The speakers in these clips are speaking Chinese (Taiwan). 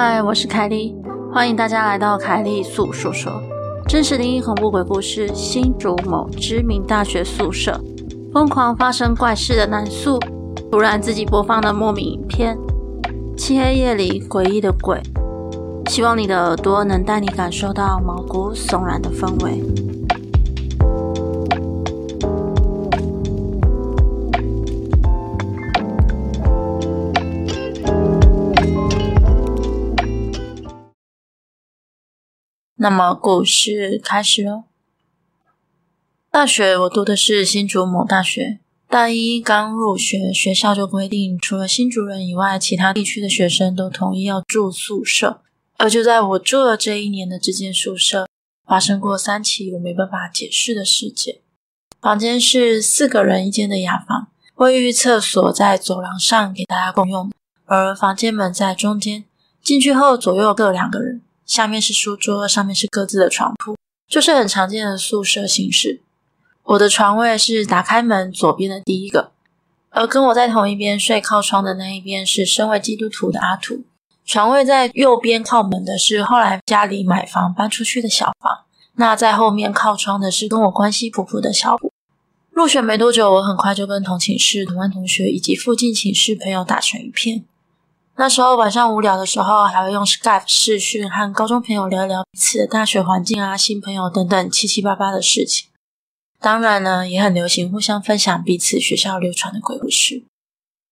嗨，Hi, 我是凱莉，歡迎大家來到凱莉粟說說，真實靈異恐怖鬼故事。新竹某知名大學宿舍，瘋狂發生怪事的男宿，突然自己播放的莫名影片，漆黑夜裡詭異的鬼，希望你的耳朵能帶你感受到毛骨悚然的氛圍。那麼，故事開始了。大學我讀的是新竹某大學，大一剛入學，學校就規定，除了新竹人以外，其他地區的學生都同意要住宿舍。而就在我住了這一年的這間宿舍，發生過三起我沒辦法解釋的事件。房間是四個人一間的雅房，衛浴廁所在走廊上給大家共用，而房間門在中間，進去後左右各兩個人。下面是書桌，上面是各自的床鋪，就是很常見的宿舍形式。我的床位是打開門左邊的第一個，而跟我在同一邊睡靠窗的那一邊是身為基督徒的阿土。床位在右邊靠門的是後來家裡買房搬出去的小房。那在後面靠窗的是跟我關係普普的小伙。入學沒多久，我很快就跟同寢室、同班同學以及附近寢室朋友打成一片。那時候晚上無聊的時候，還會用 Skype 視訊和高中朋友聊一聊彼此的大學環境啊、新朋友等等七七八八的事情。當然呢，也很流行互相分享彼此學校流傳的鬼故事。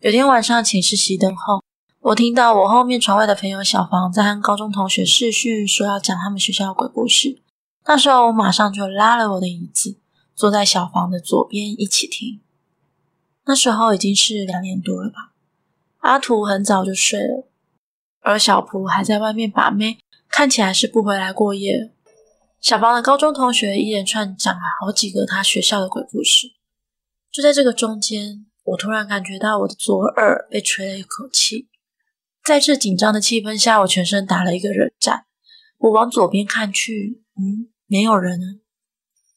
有天晚上寢室熄燈後，我聽到我後面床位的朋友小黃在和高中同學視訊，說要講他們學校的鬼故事。那時候我馬上就拉了我的椅子，坐在小黃的左邊一起聽。那時候已經是兩點多了吧。阿圖很早就睡了，而小僕還在外面把妹，看起來是不回來過夜。小芳的高中同學一連串講了好幾個他學校的鬼故事。就在這個中間，我突然感覺到我的左耳被吹了一口氣。在這緊張的氣氛下，我全身打了一個冷戰。我往左邊看去，嗯，沒有人啊。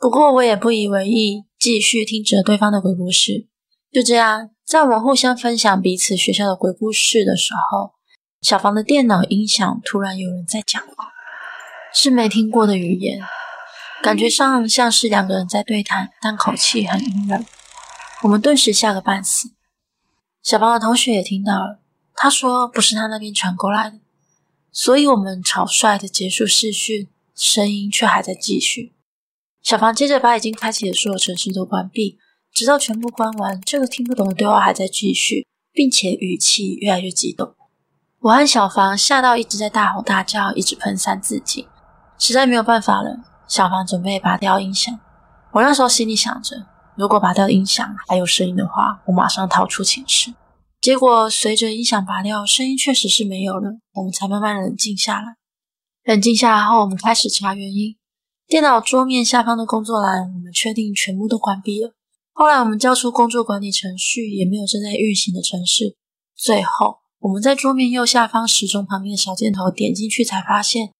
不過我也不以為意，繼續聽着對方的鬼故事。就這樣，在我們互相分享彼此學校的鬼故事的時候，小房的電腦音響突然有人在講話，是沒聽過的語言，感覺上像是兩個人在對談，但口氣很陰冷。我們頓時嚇個半死。小房的同學也聽到了，他說不是他那邊傳過來的，所以我們草率的結束視訊，聲音卻還在繼續。小房接着把已經開啟的所有程式都關閉。直到全部關完，這個聽不懂的對話還在繼續，並且語氣越來越激動。我和小房嚇到一直在大吼大叫，一直噴三字經。實在沒有辦法了。小房準備拔掉音響，我那時候心裡想着，如果拔掉音響還有聲音的話，我馬上逃出寢室。結果隨着音響拔掉，聲音確實是沒有了，我們才慢慢冷靜下來。冷靜下來後，我們開始查原因。電腦桌面下方的工作欄，我們確定全部都關閉了。後來我們交出工作管理程序，也沒有正在運行的程式。最後我們在桌面右下方時鐘旁邊的小箭頭點進去，才發現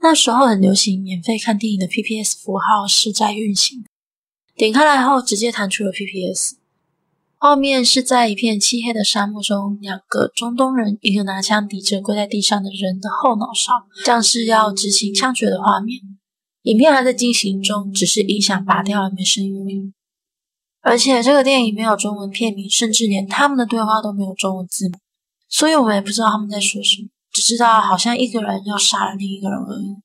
那時候很流行免費看電影的 PPS 符號是在運行的。點開來後直接彈出了 PPS，後面是在一片漆黑的沙漠中，兩個中東人一個拿槍抵着跪在地上的人的後腦勺，像是要執行槍決的畫面。影片還在進行中，只是音響拔掉了沒聲音。而且這個電影沒有中文片名，甚至連他們的對話都沒有中文字幕，所以我們也不知道他們在說什麼，只知道好像一個人要殺了另一個人而已。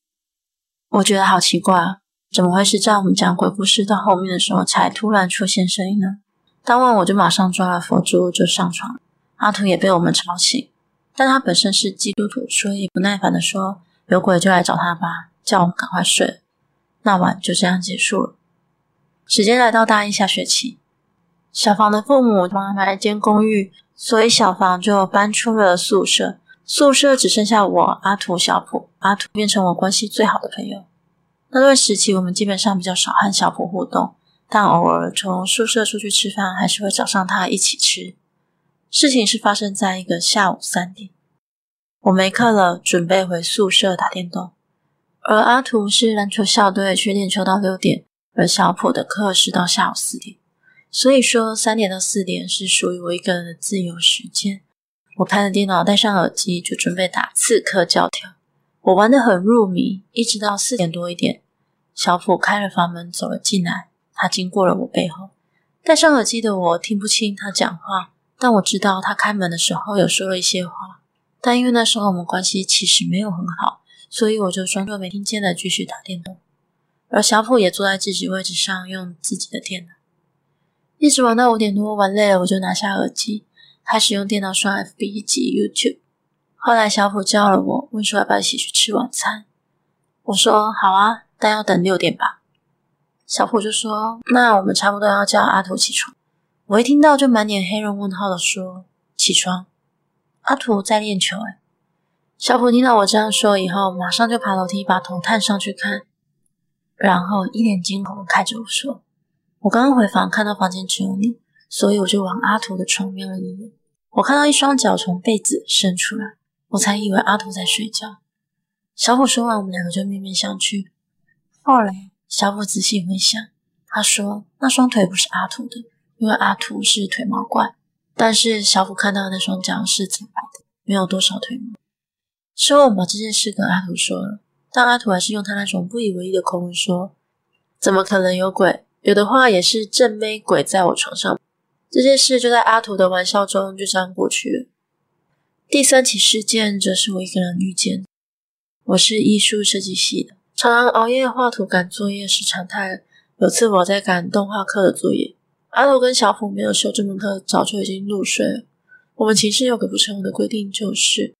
我覺得好奇怪啊，怎麼會是在我們講鬼故事到後面的時候才突然出現聲音呢？當晚我就馬上抓了佛珠就上床，阿圖也被我們吵醒，但他本身是基督徒，所以不耐煩地說：“有鬼就來找他吧，叫我們趕快睡。”那晚就這樣結束了。時間來到大一下學期，小房的父母幫他買了間公寓，所以小房就搬出了宿舍。宿舍只剩下我、阿圖、小普。阿圖變成我關係最好的朋友。那段時期，我們基本上比較少和小普互動，但偶爾從宿舍出去吃飯，還是會找上他一起吃。事情是發生在一個下午三點，我沒課了，準備回宿舍打電動，而阿圖是籃球校隊，去練球到六點。而小普的課是到下午四點，所以說三點到四點是屬於我一個人的自由時間。我開了電腦，戴上耳機，就準備打刺客教條。我玩得很入迷，一直到四點多一點，小普開了房門走了進來。他經過了我背後，戴上耳機的我聽不清他講話，但我知道他開門的時候有說了一些話。但因為那時候我們關係其實沒有很好，所以我就裝作沒聽見的繼續打電動。而小普也坐在自己位置上，用自己的電腦，一直玩到五點多，玩累了，我就拿下耳機，開始用電腦刷 FB 以及 YouTube。後來小普叫了我，問說要不要一起去吃晚餐？我說好啊，但要等六點吧。小普就說：“那我們差不多要叫阿圖起床。”我一聽到就滿臉黑人問號的說：“起床？阿圖在練球哎！”小普聽到我這樣說以後，馬上就爬樓梯，把頭探上去看。然後一臉驚恐的看着我說：“我剛剛回房，看到房間只有你，所以我就往阿圖的床瞄了一眼。我看到一雙腳從被子伸出來，我才以為阿圖在睡覺。”小虎說完，我們兩個就面面相覷。後來，小虎仔細回想，他說：“那雙腿不是阿圖的，因為阿圖是腿毛怪。但是小虎看到那雙腳是慘白的，沒有多少腿毛。”之後，我們把這件事跟阿圖說了。但阿土還是用他那種不以為意的口吻說：“怎麼可能有鬼？有的話也是正妹鬼在我床上。”這件事就在阿土的玩笑中就這樣過去了。第三起事件則是我一個人遇見的。我是藝術設計系的，常常熬夜畫圖趕作業是常態。有次我在趕動畫課的作業，阿土跟小虎沒有修這門課，早就已經入睡了。我們寢室有個不成文的規定，就是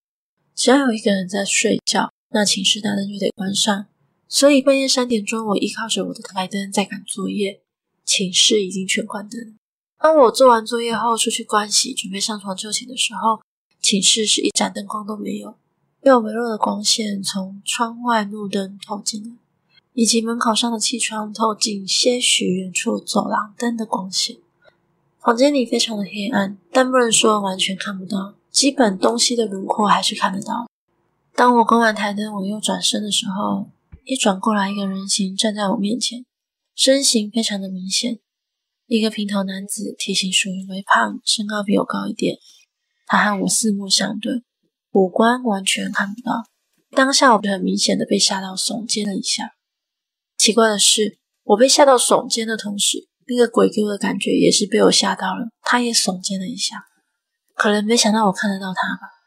只要有一個人在睡覺，那寢室大燈就得關上，所以半夜三點鐘，我依靠着我的台燈在趕作業。寢室已經全關燈。當我做完作業後，出去盥洗，準備上床就寢的時候，寢室是一盞燈光都沒有。只有微弱的光線從窗外路燈透進來，以及門口上的氣窗透進些許遠處走廊燈的光線。房間裡非常的黑暗，但不能說完全看不到，基本東西的輪廓還是看得到。當我關完台燈，我又轉身的時候，一轉過來，一個人形站在我面前，身形非常的明顯，一個平頭男子，體型屬於微胖，身高比我高一點。他和我四目相對，五官完全看不到。當下我就很明顯的被嚇到，聳肩了一下。奇怪的是，我被嚇到聳肩的同時，那個鬼給我的感覺也是被我嚇到了，他也聳肩了一下。可能沒想到我看得到他吧。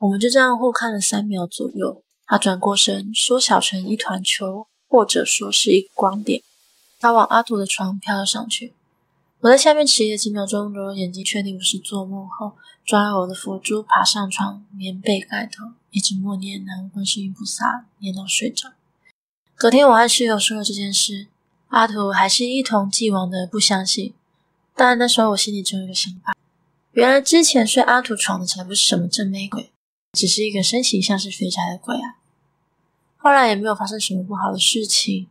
我們就這樣互看了三秒左右，他轉過身，縮小成一團球，或者說是一個光點，他往阿圖的床飄了上去。我在下面遲疑了幾秒鐘，揉揉眼睛，確定不是做夢後，抓着我的佛珠爬上床，棉被蓋頭，一直默念南無觀世音菩薩，念到睡着。隔天我和室友說了這件事，阿圖還是一如既往的不相信。但那時候我心裡只有一個想法：原來之前睡阿圖床的才不是什麼正妹鬼。只是一個身形像是肥宅的鬼啊，後來也沒有發生什麼不好的事情。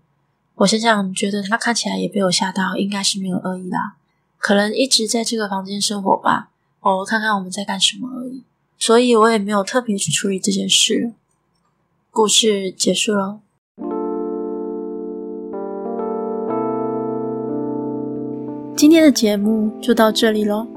我想想，覺得他看起來也被我嚇到，應該是沒有惡意啦，可能一直在這個房間生活吧，偶爾看看我們在幹什麼而已。所以我也沒有特別去處理這件事。故事結束了，今天的節目就到這裡嘍。